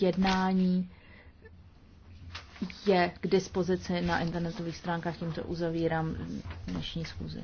jednání je k dispozici na internetových stránkách. Tímto uzavírám dnešní schůzi.